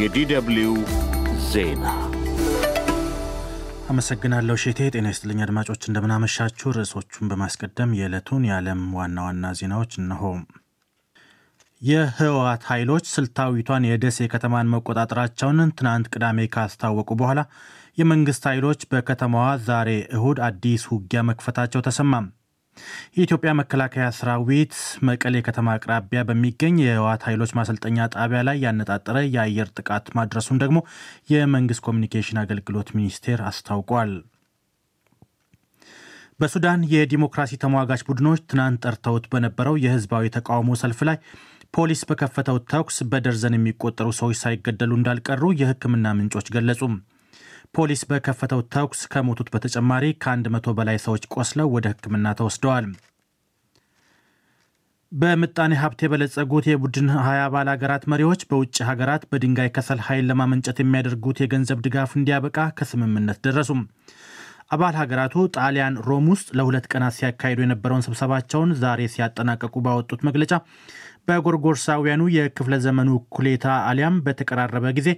የዲደብልዩ ዜና አመሰግናለሁ ሼቴ። ጤና ይስጥልኝ አድማጮች፣ እንደምናመሻችሁ። ርዕሶቹን በማስቀደም የዕለቱን የዓለም ዋና ዋና ዜናዎች እነሆ። የህወሓት ኃይሎች ስልታዊቷን የደሴ ከተማን መቆጣጠራቸውን ትናንት ቅዳሜ ካስታወቁ በኋላ የመንግሥት ኃይሎች በከተማዋ ዛሬ እሁድ አዲስ ውጊያ መክፈታቸው ተሰማም። የኢትዮጵያ መከላከያ ሰራዊት መቀሌ ከተማ አቅራቢያ በሚገኝ የህወሓት ኃይሎች ማሰልጠኛ ጣቢያ ላይ ያነጣጠረ የአየር ጥቃት ማድረሱን ደግሞ የመንግስት ኮሚኒኬሽን አገልግሎት ሚኒስቴር አስታውቋል። በሱዳን የዲሞክራሲ ተሟጋች ቡድኖች ትናንት ጠርተውት በነበረው የህዝባዊ ተቃውሞ ሰልፍ ላይ ፖሊስ በከፈተው ተኩስ በደርዘን የሚቆጠሩ ሰዎች ሳይገደሉ እንዳልቀሩ የህክምና ምንጮች ገለጹ። ፖሊስ በከፈተው ተኩስ ከሞቱት በተጨማሪ ከአንድ መቶ በላይ ሰዎች ቆስለው ወደ ሕክምና ተወስደዋል። በምጣኔ ሀብት የበለጸጉት የቡድን ሀያ አባል ሀገራት መሪዎች በውጭ ሀገራት በድንጋይ ከሰል ኃይል ለማመንጨት የሚያደርጉት የገንዘብ ድጋፍ እንዲያበቃ ከስምምነት ደረሱም። አባል ሀገራቱ ጣሊያን ሮም ውስጥ ለሁለት ቀናት ሲያካሂዱ የነበረውን ስብሰባቸውን ዛሬ ሲያጠናቀቁ ባወጡት መግለጫ በጎርጎርሳውያኑ የክፍለ ዘመኑ ኩሌታ አሊያም በተቀራረበ ጊዜ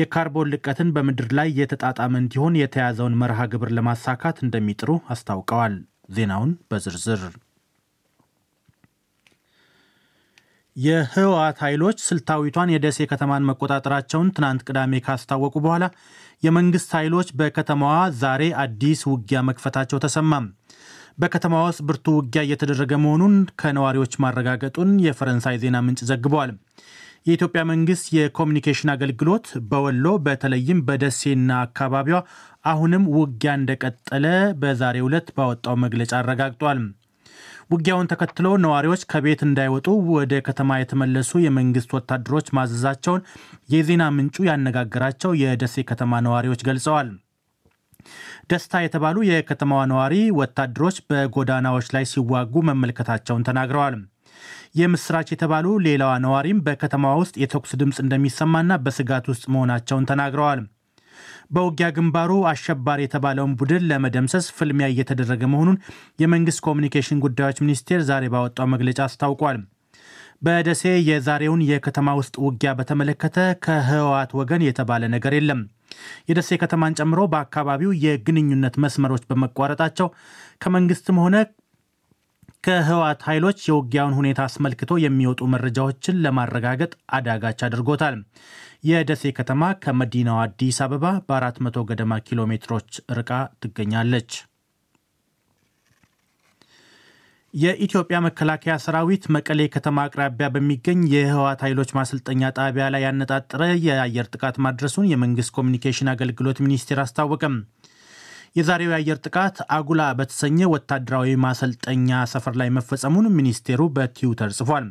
የካርቦን ልቀትን በምድር ላይ የተጣጣመ እንዲሆን የተያዘውን መርሃ ግብር ለማሳካት እንደሚጥሩ አስታውቀዋል። ዜናውን በዝርዝር የህወሓት ኃይሎች ስልታዊቷን የደሴ ከተማን መቆጣጠራቸውን ትናንት ቅዳሜ ካስታወቁ በኋላ የመንግስት ኃይሎች በከተማዋ ዛሬ አዲስ ውጊያ መክፈታቸው ተሰማም። በከተማዋ ውስጥ ብርቱ ውጊያ እየተደረገ መሆኑን ከነዋሪዎች ማረጋገጡን የፈረንሳይ ዜና ምንጭ ዘግበዋል። የኢትዮጵያ መንግስት የኮሚኒኬሽን አገልግሎት በወሎ በተለይም በደሴና አካባቢዋ አሁንም ውጊያ እንደቀጠለ በዛሬው ዕለት ባወጣው መግለጫ አረጋግጧል። ውጊያውን ተከትሎ ነዋሪዎች ከቤት እንዳይወጡ ወደ ከተማ የተመለሱ የመንግስት ወታደሮች ማዘዛቸውን የዜና ምንጩ ያነጋገራቸው የደሴ ከተማ ነዋሪዎች ገልጸዋል። ደስታ የተባሉ የከተማዋ ነዋሪ ወታደሮች በጎዳናዎች ላይ ሲዋጉ መመልከታቸውን ተናግረዋል። የምስራች የተባሉ ሌላዋ ነዋሪም በከተማዋ ውስጥ የተኩስ ድምፅ እንደሚሰማና በስጋት ውስጥ መሆናቸውን ተናግረዋል። በውጊያ ግንባሩ አሸባሪ የተባለውን ቡድን ለመደምሰስ ፍልሚያ እየተደረገ መሆኑን የመንግስት ኮሚኒኬሽን ጉዳዮች ሚኒስቴር ዛሬ ባወጣው መግለጫ አስታውቋል። በደሴ የዛሬውን የከተማ ውስጥ ውጊያ በተመለከተ ከህወሓት ወገን የተባለ ነገር የለም። የደሴ ከተማን ጨምሮ በአካባቢው የግንኙነት መስመሮች በመቋረጣቸው ከመንግስትም ሆነ ከህወሓት ኃይሎች የውጊያውን ሁኔታ አስመልክቶ የሚወጡ መረጃዎችን ለማረጋገጥ አዳጋች አድርጎታል። የደሴ ከተማ ከመዲናው አዲስ አበባ በ400 ገደማ ኪሎ ሜትሮች ርቃ ትገኛለች። የኢትዮጵያ መከላከያ ሰራዊት መቀሌ ከተማ አቅራቢያ በሚገኝ የህወሓት ኃይሎች ማሰልጠኛ ጣቢያ ላይ ያነጣጠረ የአየር ጥቃት ማድረሱን የመንግስት ኮሚኒኬሽን አገልግሎት ሚኒስቴር አስታወቀም። የዛሬው የአየር ጥቃት አጉላ በተሰኘ ወታደራዊ ማሰልጠኛ ሰፈር ላይ መፈጸሙን ሚኒስቴሩ በትዊተር ጽፏል።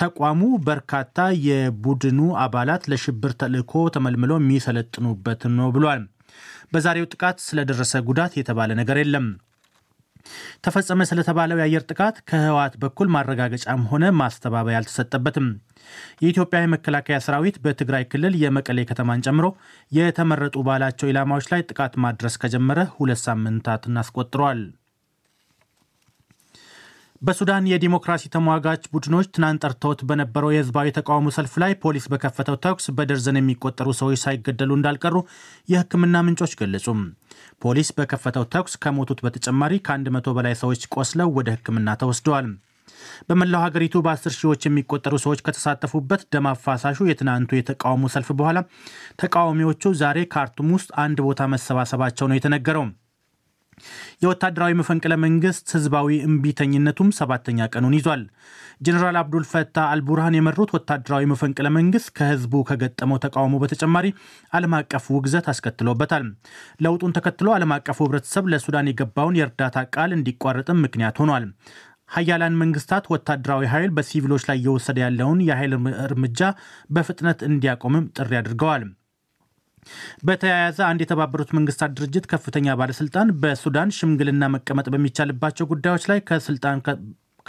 ተቋሙ በርካታ የቡድኑ አባላት ለሽብር ተልዕኮ ተመልምሎ የሚሰለጥኑበት ነው ብሏል። በዛሬው ጥቃት ስለደረሰ ጉዳት የተባለ ነገር የለም። ተፈጸመ ስለተባለው የአየር ጥቃት ከህወሓት በኩል ማረጋገጫም ሆነ ማስተባበያ አልተሰጠበትም። የኢትዮጵያ የመከላከያ ሰራዊት በትግራይ ክልል የመቀሌ ከተማን ጨምሮ የተመረጡ ባላቸው ኢላማዎች ላይ ጥቃት ማድረስ ከጀመረ ሁለት ሳምንታትን አስቆጥረዋል። በሱዳን የዲሞክራሲ ተሟጋች ቡድኖች ትናንት ጠርተውት በነበረው የህዝባዊ ተቃውሞ ሰልፍ ላይ ፖሊስ በከፈተው ተኩስ በደርዘን የሚቆጠሩ ሰዎች ሳይገደሉ እንዳልቀሩ የህክምና ምንጮች ገለጹም። ፖሊስ በከፈተው ተኩስ ከሞቱት በተጨማሪ ከ100 በላይ ሰዎች ቆስለው ወደ ሕክምና ተወስደዋል። በመላው ሀገሪቱ በአስር ሺዎች የሚቆጠሩ ሰዎች ከተሳተፉበት ደም አፋሳሹ የትናንቱ የተቃውሞ ሰልፍ በኋላ ተቃዋሚዎቹ ዛሬ ካርቱም ውስጥ አንድ ቦታ መሰባሰባቸው ነው የተነገረው። የወታደራዊ መፈንቅለ መንግስት ህዝባዊ እምቢተኝነቱም ሰባተኛ ቀኑን ይዟል። ጀኔራል አብዱል አልቡርሃን የመሩት ወታደራዊ መፈንቅለ መንግስት ከህዝቡ ከገጠመው ተቃውሞ በተጨማሪ ዓለም አቀፍ ውግዘት አስከትሎበታል። ለውጡን ተከትሎ ዓለም አቀፉ ህብረተሰብ ለሱዳን የገባውን የእርዳታ ቃል እንዲቋረጥም ምክንያት ሆኗል። ሀያላን መንግስታት ወታደራዊ ኃይል በሲቪሎች ላይ እየወሰደ ያለውን የኃይል እርምጃ በፍጥነት እንዲያቆምም ጥሪ አድርገዋል። በተያያዘ አንድ የተባበሩት መንግስታት ድርጅት ከፍተኛ ባለስልጣን በሱዳን ሽምግልና መቀመጥ በሚቻልባቸው ጉዳዮች ላይ ከስልጣን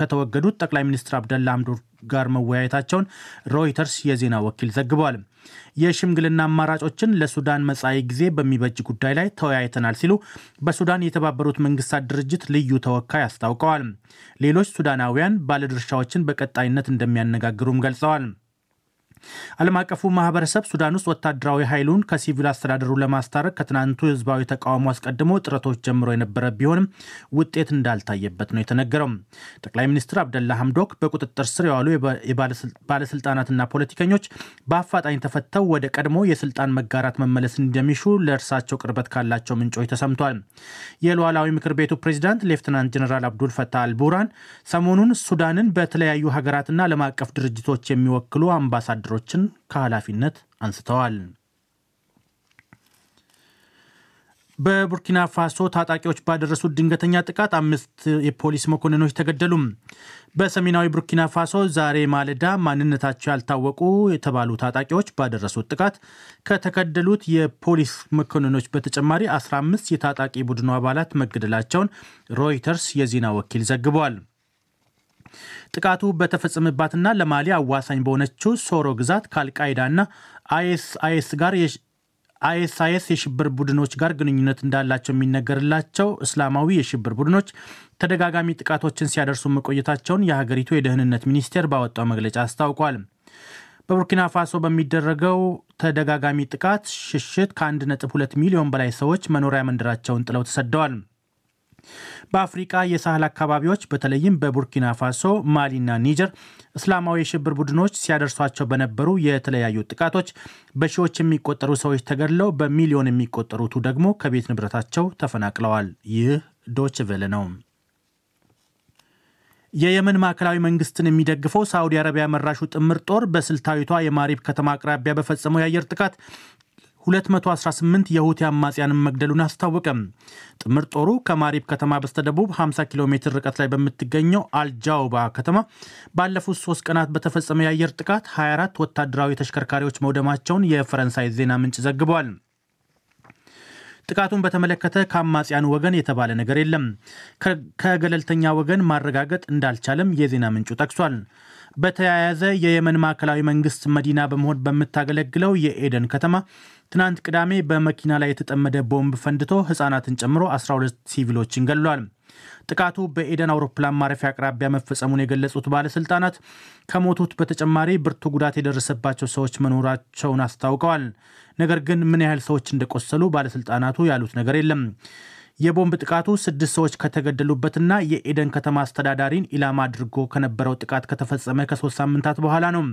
ከተወገዱት ጠቅላይ ሚኒስትር አብደላ አምዶር ጋር መወያየታቸውን ሮይተርስ የዜና ወኪል ዘግቧል። የሽምግልና አማራጮችን ለሱዳን መጻኢ ጊዜ በሚበጅ ጉዳይ ላይ ተወያይተናል ሲሉ በሱዳን የተባበሩት መንግስታት ድርጅት ልዩ ተወካይ አስታውቀዋል። ሌሎች ሱዳናውያን ባለድርሻዎችን በቀጣይነት እንደሚያነጋግሩም ገልጸዋል። ዓለም አቀፉ ማህበረሰብ ሱዳን ውስጥ ወታደራዊ ኃይሉን ከሲቪል አስተዳደሩ ለማስታረቅ ከትናንቱ ህዝባዊ ተቃውሞ አስቀድሞ ጥረቶች ጀምሮ የነበረ ቢሆንም ውጤት እንዳልታየበት ነው የተነገረው። ጠቅላይ ሚኒስትር አብደላ ሐምዶክ በቁጥጥር ስር የዋሉ ባለስልጣናትና ፖለቲከኞች በአፋጣኝ ተፈተው ወደ ቀድሞ የስልጣን መጋራት መመለስ እንደሚሹ ለእርሳቸው ቅርበት ካላቸው ምንጮች ተሰምቷል። የሉዓላዊ ምክር ቤቱ ፕሬዚዳንት ሌፍትናንት ጀኔራል አብዱል ፈታህ አልቡራን ሰሞኑን ሱዳንን በተለያዩ ሀገራትና ዓለም አቀፍ ድርጅቶች የሚወክሉ አምባሳደ ሚኒስትሮችን ከኃላፊነት አንስተዋል። በቡርኪና ፋሶ ታጣቂዎች ባደረሱት ድንገተኛ ጥቃት አምስት የፖሊስ መኮንኖች ተገደሉ። በሰሜናዊ ቡርኪና ፋሶ ዛሬ ማለዳ ማንነታቸው ያልታወቁ የተባሉ ታጣቂዎች ባደረሱት ጥቃት ከተገደሉት የፖሊስ መኮንኖች በተጨማሪ 15 የታጣቂ ቡድኑ አባላት መገደላቸውን ሮይተርስ የዜና ወኪል ዘግቧል። ጥቃቱ በተፈጸመባትና ለማሊ አዋሳኝ በሆነችው ሶሮ ግዛት ከአልቃይዳና አይኤስአይኤስ ጋር አይኤስአይኤስ የሽብር ቡድኖች ጋር ግንኙነት እንዳላቸው የሚነገርላቸው እስላማዊ የሽብር ቡድኖች ተደጋጋሚ ጥቃቶችን ሲያደርሱ መቆየታቸውን የሀገሪቱ የደህንነት ሚኒስቴር ባወጣው መግለጫ አስታውቋል። በቡርኪና ፋሶ በሚደረገው ተደጋጋሚ ጥቃት ሽሽት ከ1.2 ሚሊዮን በላይ ሰዎች መኖሪያ መንደራቸውን ጥለው ተሰደዋል። በአፍሪቃ የሳህል አካባቢዎች በተለይም በቡርኪና ፋሶ፣ ማሊና ኒጀር እስላማዊ የሽብር ቡድኖች ሲያደርሷቸው በነበሩ የተለያዩ ጥቃቶች በሺዎች የሚቆጠሩ ሰዎች ተገድለው በሚሊዮን የሚቆጠሩቱ ደግሞ ከቤት ንብረታቸው ተፈናቅለዋል። ይህ ዶችቬለ ነው። የየመን ማዕከላዊ መንግስትን የሚደግፈው ሳዑዲ አረቢያ መራሹ ጥምር ጦር በስልታዊቷ የማሪብ ከተማ አቅራቢያ በፈጸመው የአየር ጥቃት 218 የሁቲ አማጽያንን መግደሉን አስታወቀ። ጥምር ጦሩ ከማሪብ ከተማ በስተደቡብ 50 ኪሎ ሜትር ርቀት ላይ በምትገኘው አልጃውባ ከተማ ባለፉት ሶስት ቀናት በተፈጸመ የአየር ጥቃት 24 ወታደራዊ ተሽከርካሪዎች መውደማቸውን የፈረንሳይ ዜና ምንጭ ዘግቧል። ጥቃቱን በተመለከተ ከአማጽያኑ ወገን የተባለ ነገር የለም። ከገለልተኛ ወገን ማረጋገጥ እንዳልቻለም የዜና ምንጩ ጠቅሷል። በተያያዘ የየመን ማዕከላዊ መንግስት መዲና በመሆን በምታገለግለው የኤደን ከተማ ትናንት ቅዳሜ በመኪና ላይ የተጠመደ ቦምብ ፈንድቶ ህጻናትን ጨምሮ 12 ሲቪሎችን ገሏል። ጥቃቱ በኤደን አውሮፕላን ማረፊያ አቅራቢያ መፈጸሙን የገለጹት ባለስልጣናት ከሞቱት በተጨማሪ ብርቱ ጉዳት የደረሰባቸው ሰዎች መኖራቸውን አስታውቀዋል። ነገር ግን ምን ያህል ሰዎች እንደቆሰሉ ባለስልጣናቱ ያሉት ነገር የለም። የቦምብ ጥቃቱ ስድስት ሰዎች ከተገደሉበትና የኤደን ከተማ አስተዳዳሪን ኢላማ አድርጎ ከነበረው ጥቃት ከተፈጸመ ከሶስት ሳምንታት በኋላ ነው።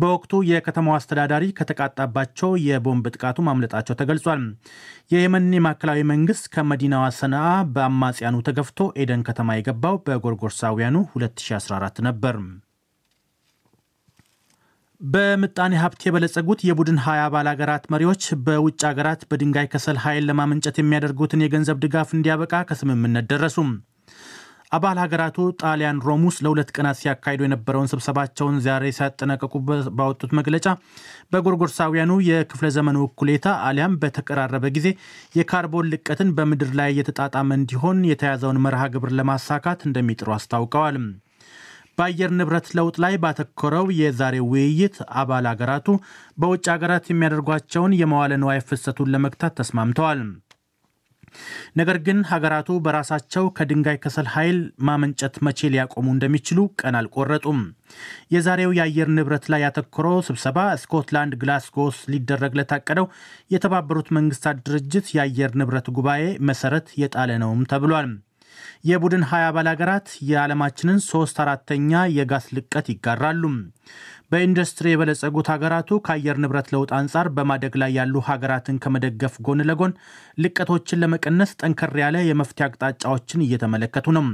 በወቅቱ የከተማው አስተዳዳሪ ከተቃጣባቸው የቦምብ ጥቃቱ ማምለጣቸው ተገልጿል። የየመን ማዕከላዊ መንግስት ከመዲናዋ ሰነአ በአማጽያኑ ተገፍቶ ኤደን ከተማ የገባው በጎርጎርሳውያኑ 2014 ነበር። በምጣኔ ሀብት የበለጸጉት የቡድን ሀያ አባል ሀገራት መሪዎች በውጭ ሀገራት በድንጋይ ከሰል ኃይል ለማመንጨት የሚያደርጉትን የገንዘብ ድጋፍ እንዲያበቃ ከስምምነት ደረሱም። አባል ሀገራቱ ጣሊያን ሮም ውስጥ ለሁለት ቀናት ሲያካሂዱ የነበረውን ስብሰባቸውን ዛሬ ሲያጠናቀቁ ባወጡት መግለጫ በጎርጎርሳውያኑ የክፍለ ዘመኑ እኩሌታ አሊያም በተቀራረበ ጊዜ የካርቦን ልቀትን በምድር ላይ እየተጣጣመ እንዲሆን የተያዘውን መርሃ ግብር ለማሳካት እንደሚጥሩ አስታውቀዋል። በአየር ንብረት ለውጥ ላይ ባተኮረው የዛሬ ውይይት አባል አገራቱ በውጭ አገራት የሚያደርጓቸውን የመዋለ ንዋይ ፍሰቱን ለመግታት ተስማምተዋል። ነገር ግን ሀገራቱ በራሳቸው ከድንጋይ ከሰል ኃይል ማመንጨት መቼ ሊያቆሙ እንደሚችሉ ቀን አልቆረጡም። የዛሬው የአየር ንብረት ላይ ያተኮረው ስብሰባ ስኮትላንድ ግላስጎስ ሊደረግ ለታቀደው የተባበሩት መንግስታት ድርጅት የአየር ንብረት ጉባኤ መሰረት የጣለ ነውም ተብሏል። የቡድን ሀያ አባል ሀገራት የዓለማችንን ሶስት አራተኛ የጋስ ልቀት ይጋራሉ። በኢንዱስትሪ የበለጸጉት ሀገራቱ ከአየር ንብረት ለውጥ አንጻር በማደግ ላይ ያሉ ሀገራትን ከመደገፍ ጎን ለጎን ልቀቶችን ለመቀነስ ጠንከር ያለ የመፍትሄ አቅጣጫዎችን እየተመለከቱ ነው።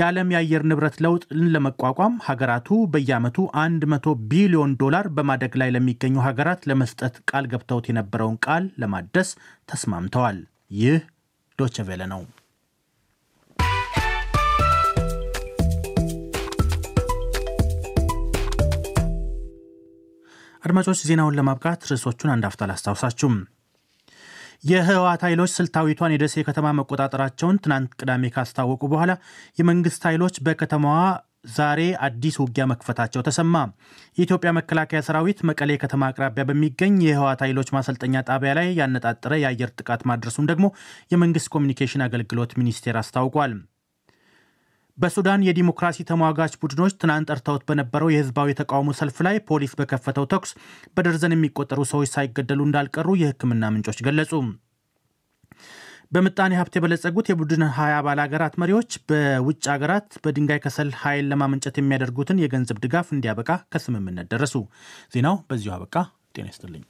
የዓለም የአየር ንብረት ለውጥን ለመቋቋም ሀገራቱ በየዓመቱ 100 ቢሊዮን ዶላር በማደግ ላይ ለሚገኙ ሀገራት ለመስጠት ቃል ገብተውት የነበረውን ቃል ለማደስ ተስማምተዋል። ይህ ዶቸቬለ ነው። አድማጮች፣ ዜናውን ለማብቃት ርዕሶቹን አንዳፍታ ላስታውሳችሁም። የህወሓት ኃይሎች ስልታዊቷን የደሴ ከተማ መቆጣጠራቸውን ትናንት ቅዳሜ ካስታወቁ በኋላ የመንግስት ኃይሎች በከተማዋ ዛሬ አዲስ ውጊያ መክፈታቸው ተሰማ። የኢትዮጵያ መከላከያ ሰራዊት መቀሌ ከተማ አቅራቢያ በሚገኝ የህወሓት ኃይሎች ማሰልጠኛ ጣቢያ ላይ ያነጣጠረ የአየር ጥቃት ማድረሱን ደግሞ የመንግስት ኮሚኒኬሽን አገልግሎት ሚኒስቴር አስታውቋል። በሱዳን የዲሞክራሲ ተሟጋች ቡድኖች ትናንት ጠርተውት በነበረው የህዝባዊ ተቃውሞ ሰልፍ ላይ ፖሊስ በከፈተው ተኩስ በደርዘን የሚቆጠሩ ሰዎች ሳይገደሉ እንዳልቀሩ የህክምና ምንጮች ገለጹ። በምጣኔ ሀብት የበለጸጉት የቡድን ሀያ አባል ሀገራት መሪዎች በውጭ ሀገራት በድንጋይ ከሰል ኃይል ለማመንጨት የሚያደርጉትን የገንዘብ ድጋፍ እንዲያበቃ ከስምምነት ደረሱ። ዜናው በዚሁ አበቃ። ጤና ይስጥልኝ።